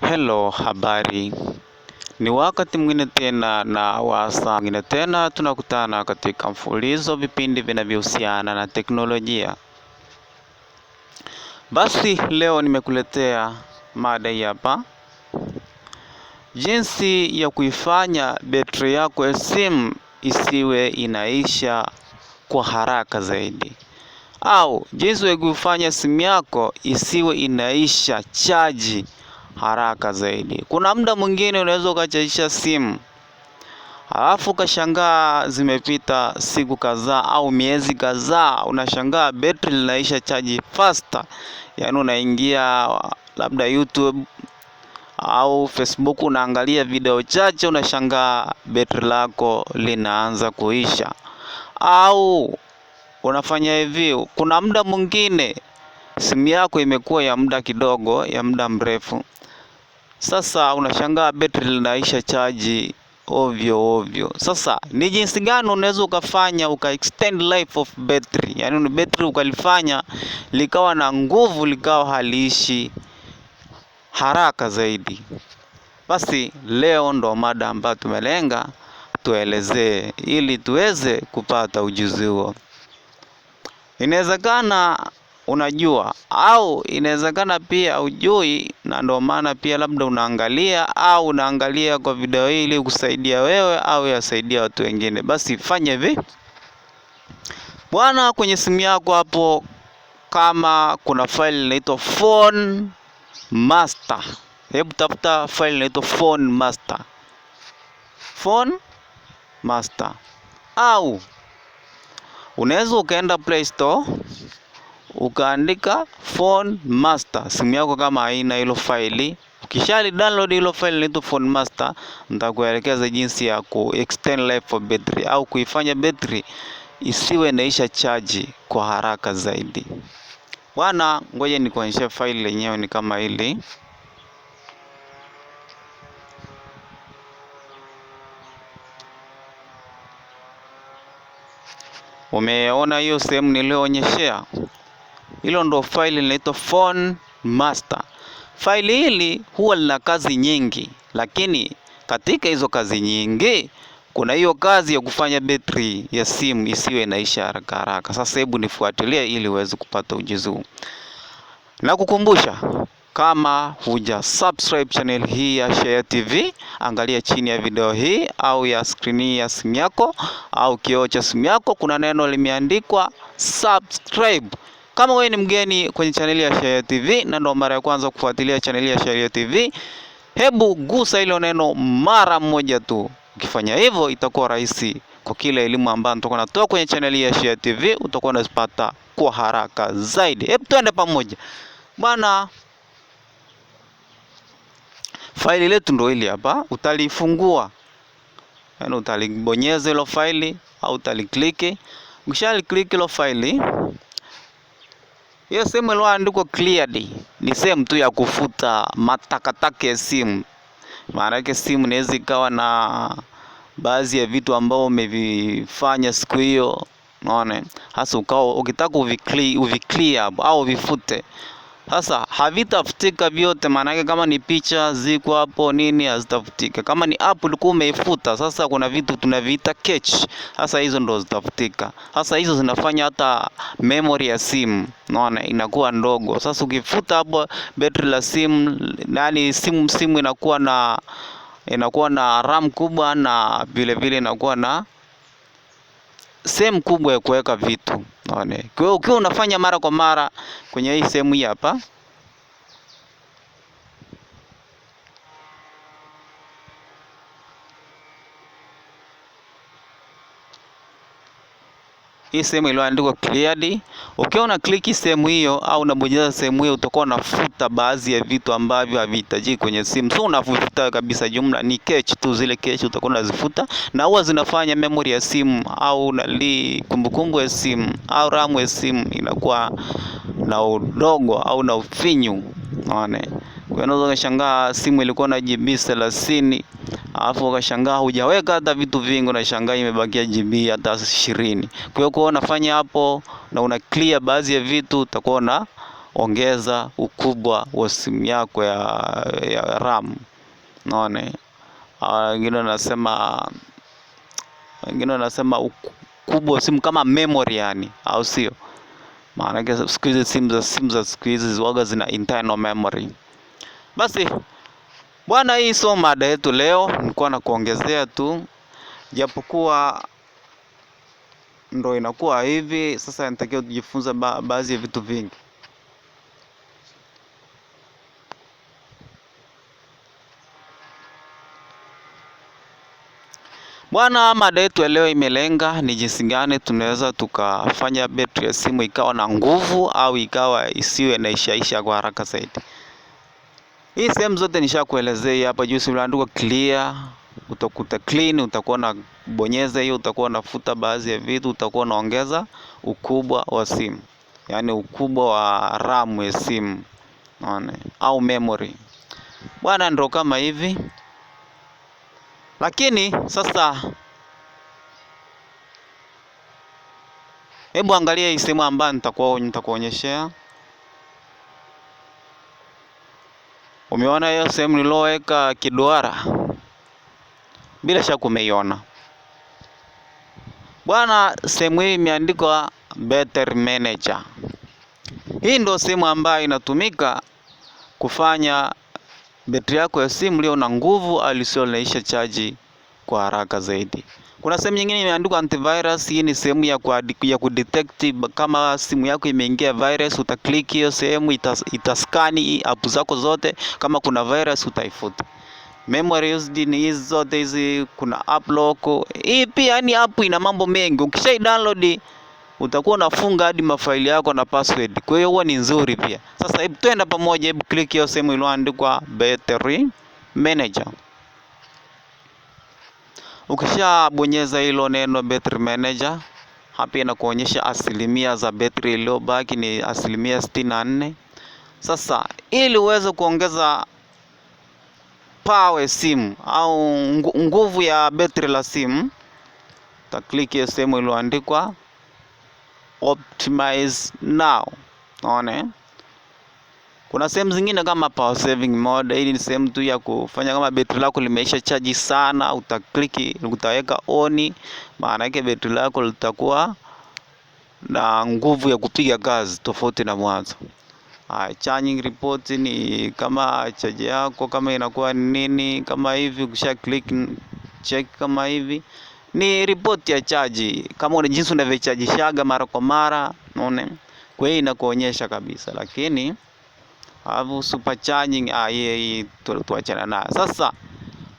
Hello, habari. Ni wakati mwingine tena na wasa mwingine tena tunakutana katika mfululizo vipindi vinavyohusiana na teknolojia. Basi leo nimekuletea mada hii hapa, jinsi ya kuifanya betri yako ya simu isiwe inaisha kwa haraka zaidi au jinsi ya kufanya simu yako isiwe inaisha chaji haraka zaidi. Kuna muda mwingine unaweza ukachajisha simu alafu ukashangaa zimepita siku kadhaa au miezi kadhaa, unashangaa betri linaisha chaji faster. Yaani unaingia labda YouTube au Facebook, unaangalia video chache, unashangaa betri lako linaanza kuisha au unafanya hivi. Kuna muda mwingine simu yako imekuwa ya muda kidogo, ya muda mrefu, sasa unashangaa betri linaisha chaji ovyo ovyo. Sasa ni jinsi gani unaweza ukafanya uka extend life of battery, yani ni battery ukalifanya likawa na nguvu, likawa haliishi haraka zaidi. Basi leo ndo mada ambayo tumelenga tuelezee, ili tuweze kupata ujuzi huo. Inawezekana unajua au inawezekana pia ujui na ndio maana pia labda unaangalia au unaangalia kwa video hii ili kusaidia wewe au yasaidia watu wengine. Basi fanya hivi bwana, kwenye simu yako hapo, kama kuna file inaitwa phone master, hebu tafuta file inaitwa phone master, phone master au Unaweza ukaenda Play Store ukaandika Phone Master, simu yako kama haina hilo faili. Ukishali download hilo faili linaitwa Phone Master, nitakuelekeza jinsi ya ku extend life for battery au kuifanya battery isiwe naisha chaji kwa haraka zaidi. Bwana, ngoja nikuonyeshe faili lenyewe ni kama hili. Umeona hiyo sehemu niliyoonyeshea, hilo ndo faili linaitwa phone master. Faili hili huwa lina kazi nyingi, lakini katika hizo kazi nyingi kuna hiyo kazi ya kufanya betri ya simu isiwe inaisha haraka haraka. Sasa hebu nifuatilie ili uweze kupata ujuzi huu na kukumbusha kama huja subscribe channel hii ya Shayia TV, angalia chini ya video hii au ya skrini ya simu yako au kioo cha simu yako, kuna neno limeandikwa subscribe. Kama wewe ni mgeni kwenye channel ya Shayia TV na ndo mara ya kwanza kufuatilia channel ya Shayia TV, hebu gusa hilo neno mara moja tu. Ukifanya hivyo, itakuwa rahisi kwa kila elimu ambayo nitakuwa natoa kwenye channel ya Shayia TV, utakuwa unazipata kwa haraka zaidi. Hebu twende pamoja bwana. Faili letu ndo hili hapa, utalifungua yani utalibonyeza hilo faili au utalikliki. Ukishalikliki hilo faili, hiyo sehemu iliyoandikwa cleared ni sehemu tu ya kufuta matakatake ya simu. Maana yake simu inaweza ikawa na baadhi ya vitu ambavyo umevifanya siku hiyo, unaona hasa, ukao ukitaka uvi clear au uvifute sasa havitafutika vyote, maanake kama ni picha ziko hapo nini hazitafutika. Kama ni app ulikuwa umeifuta, sasa kuna vitu tunaviita cache. Sasa hizo ndo zitafutika. Sasa hizo zinafanya hata memory ya simu naona inakuwa ndogo. Sasa ukifuta hapo betri la simu, yani simu simu inakuwa na inakuwa na RAM kubwa na vile vile inakuwa na sehemu kubwa ya kuweka vitu. Kwa hiyo ukiwa unafanya mara kwa mara kwenye hii sehemu hii hapa hii sehemu iliyoandikwa cleared. Ukiwa una kliki sehemu hiyo au unabonyeza sehemu hiyo, utakuwa unafuta baadhi ya vitu ambavyo havihitajiki kwenye simu, so unafuta kabisa. Jumla ni cache tu, zile cache utakuwa unazifuta, na huwa zinafanya memory ya simu au nali kumbukumbu ya simu au RAM ya simu inakuwa na udogo au na ufinyu. Unaona? Kwa hiyo unaweza kushangaa simu ilikuwa na GB 30 alafu ukashangaa hujaweka hata vitu vingi, unashangaa imebakia GB hata 20. Kwa hiyo kwa unafanya hapo na una clear baadhi ya vitu utakuwa na ongeza ukubwa wa simu yako ya, ya RAM. Unaona? Ah, wengine uh, wanasema wengine wanasema ukubwa wa simu kama memory yani, au sio? maanake siku hizi simu, simu za siku hizi zina internal memory. Basi bwana, hii sio mada yetu leo, nilikuwa na kuongezea tu, japokuwa ndo inakuwa hivi sasa, nitakiwa tujifunza baadhi ya vitu vingi. Bwana, mada yetu leo imelenga ni jinsi gani tunaweza tukafanya betri ya simu ikawa na nguvu au ikawa isiwe na ishaisha kwa haraka zaidi. Hii sehemu zote nishakuelezea hapa juu, simeandikwa clear, utakuta clean, utakuwa na bonyeza hiyo, utakuwa unafuta baadhi ya vitu, utakuwa unaongeza ukubwa wa simu, yaani ukubwa wa RAM ya simu au memory. Bwana, ndo kama hivi. Lakini sasa hebu angalia hii sehemu ambayo nitakuonyeshea. Umeona hiyo sehemu niloweka kiduara? Bila shaka umeiona bwana. Sehemu hii imeandikwa Better Manager. Hii ndio sehemu ambayo inatumika kufanya betri yako ya simu leo na nguvu alisio inaisha chaji kwa haraka zaidi. Kuna sehemu nyingine imeandikwa antivirus. Hii ni sehemu ya, ya kudetect kama simu yako imeingia virus, utakliki hiyo sehemu, itaskani app zako zote, kama kuna virus utaifuta. Memory used ni hizi zote hizi, kuna app lock. Hii pia ni yaani app ina mambo mengi, ukishai download utakuwa unafunga hadi mafaili yako na password. Kwa hiyo huwa ni nzuri pia. Sasa hebu twenda pamoja, hebu click hiyo sehemu iliyoandikwa Battery Manager. Ukishabonyeza hilo neno Battery Manager, hapa inakuonyesha asilimia za betri iliyobaki ni asilimia 64. Sasa ili uweze kuongeza power simu au nguvu ya battery la simu, utakliki hiyo sehemu iliyoandikwa optimize now. Naona eh? Kuna sehemu zingine kama power saving mode, hii ni sehemu tu ya kufanya kama betri lako limeisha chaji sana, utakliki utaweka on, maana yake betri lako litakuwa na nguvu ya kupiga kazi tofauti na mwanzo. Ah, charging report ni kama chaji yako kama inakuwa nini kama hivi, ukisha click check kama hivi ni ripoti ya chaji kama ni jinsi unavyochajishaga mara kwa mara unaona kwa hiyo inakuonyesha kabisa lakini alafu super charging ah tuachana nayo sasa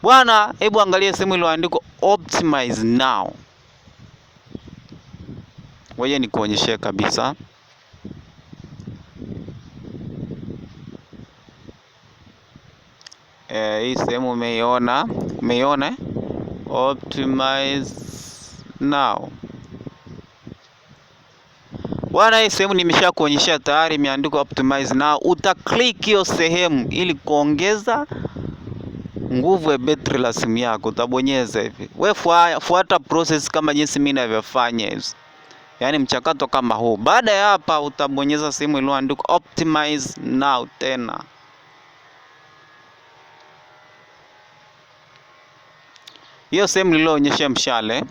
bwana hebu angalia sehemu iliyoandikwa optimize now ngoja nikuonyeshe kabisa eh, hii sehemu umeiona umeiona eh? optimize now. Bwana, hii sehemu nimesha kuonyesha tayari imeandikwa optimize now. Uta click hiyo sehemu ili kuongeza nguvu ya betri la simu yako, utabonyeza hivi. We fuata process kama jinsi mimi ninavyofanya hizo, yaani mchakato kama huu. Baada ya hapa, utabonyeza sehemu iliyoandikwa optimize now tena. hiyo sehemu nilioonyesha mshale,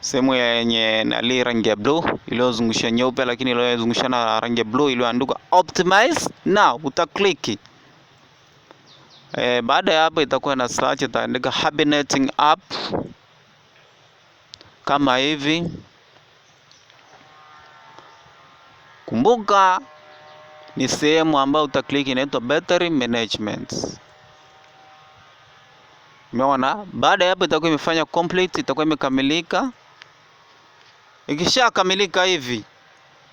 sehemu yenye nali rangi ya blue iliyozungusha nyeupe, lakini iliyozungusha na rangi ya blue iliyoandikwa optimize now, utakliki. E, baada ya hapo itakuwa na search, itaandika hibernating app kama hivi. Kumbuka ni sehemu ambayo utakliki inaitwa battery management. Umeona? Baada ya hapo itakuwa imefanya complete, itakuwa imekamilika. Ikishakamilika hivi,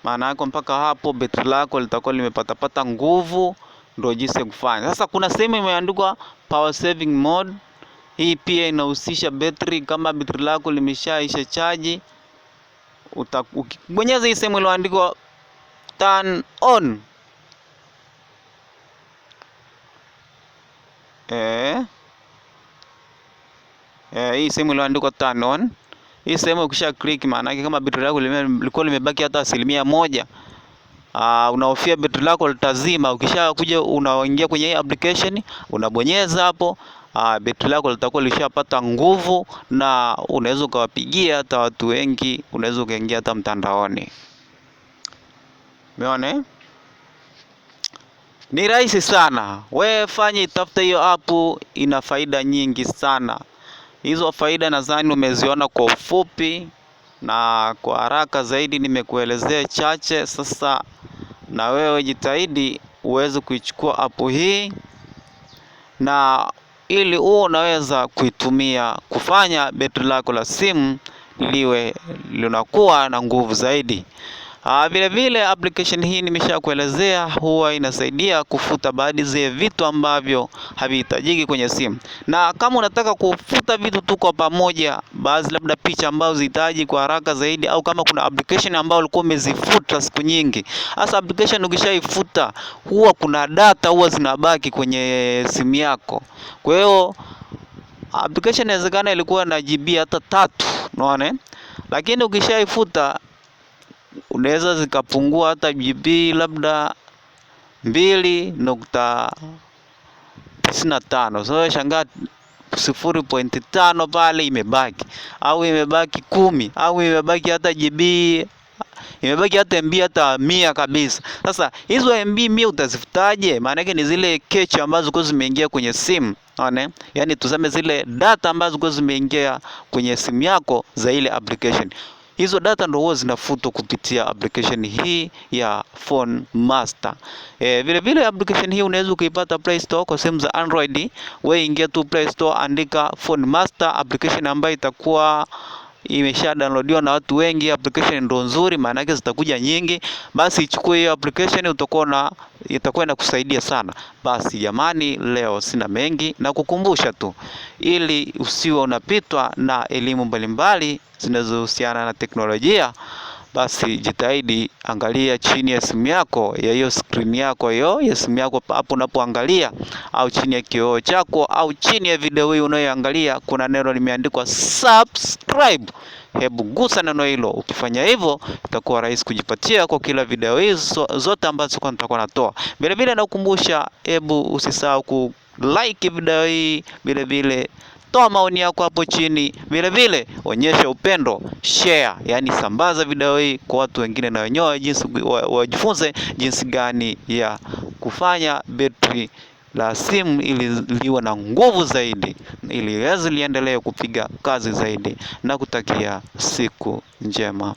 maana yako mpaka hapo betri lako litakuwa limepatapata nguvu, ndio jinsi kufanya. Sasa kuna sehemu imeandikwa power saving mode. Hii pia inahusisha betri. Kama betri lako limeshaisha chaji, utabonyeza hii sehemu iliyoandikwa turn on. Eh eh, hii sehemu iliyoandikwa turn on. Hii sehemu ukisha click, maana yake kama betri lako lilikuwa limebaki hata asilimia moja, uh, unahofia betri lako litazima. ukishakuja unaingia kwenye hii application unabonyeza hapo Uh, ah, beti lako litakuwa lishapata nguvu na unaweza ukawapigia hata watu wengi, unaweza ukaingia hata mtandaoni. Umeona, eh? ni rahisi sana. We fanye, tafuta hiyo app, ina faida nyingi sana. Hizo faida nadhani umeziona kwa ufupi na kwa haraka zaidi nimekuelezea chache. Sasa na wewe jitahidi uweze kuichukua apu hii na ili huo unaweza kuitumia kufanya betri lako la simu liwe linakuwa na nguvu zaidi. Uh, vile vile application hii nimeshakuelezea huwa inasaidia kufuta baadhi ya vitu ambavyo havihitajiki kwenye simu, na kama unataka kufuta vitu tu kwa pamoja, baadhi labda picha ambazo zihitaji kwa haraka zaidi, au kama kuna application ambayo ulikuwa umezifuta siku nyingi. Hasa application ukishaifuta, huwa kuna data huwa zinabaki kwenye simu yako, kwa hiyo application inawezekana ilikuwa na GB hata tatu, unaona, eh? lakini ukishaifuta unaweza zikapungua hata GB labda mbili nukta tisini na tano. So unashangaa sifuri pointi tano pale imebaki au imebaki kumi au imebaki hata GB imebaki hata MB hata mia kabisa. Sasa hizo MB mia utazifutaje? Maana yake ni zile kechi ambazo kwa zimeingia kwenye simu one, yani tuseme zile data ambazo kwa zimeingia kwenye simu yako za ile application hizo data ndo huwa zinafutwa kupitia application hii ya Phone Master. E, vile vile application hii unaweza ukaipata Play Store kwa sehemu za Android. Wewe ingia tu Play Store, andika Phone Master application ambayo itakuwa imesha downloadiwa na watu wengi, application ndio nzuri, maana yake zitakuja nyingi, basi ichukue hiyo application, utakuwa na itakuwa inakusaidia sana. Basi jamani, leo sina mengi na kukumbusha tu, ili usiwe unapitwa na elimu mbalimbali zinazohusiana na teknolojia basi jitahidi angalia chini ya simu yako, ya hiyo skrini yako hiyo ya simu yako, hapo unapoangalia, au chini ya kioo chako, au chini ya video hii unayoangalia, kuna neno limeandikwa subscribe. Hebu gusa neno hilo. Ukifanya hivyo, itakuwa rahisi kujipatia kwa kila video hizo zote ambazo kwa nitakuwa natoa. Vilevile nakukumbusha, hebu usisahau ku like video hii, vilevile toa maoni yako hapo chini. vile vile onyesha upendo, share, yani sambaza video hii kwa watu wengine, na wenyewe jinsi wajifunze jinsi gani ya kufanya betri la simu ili liwe na nguvu zaidi, ili wezi liendelee kupiga kazi zaidi, na kutakia siku njema.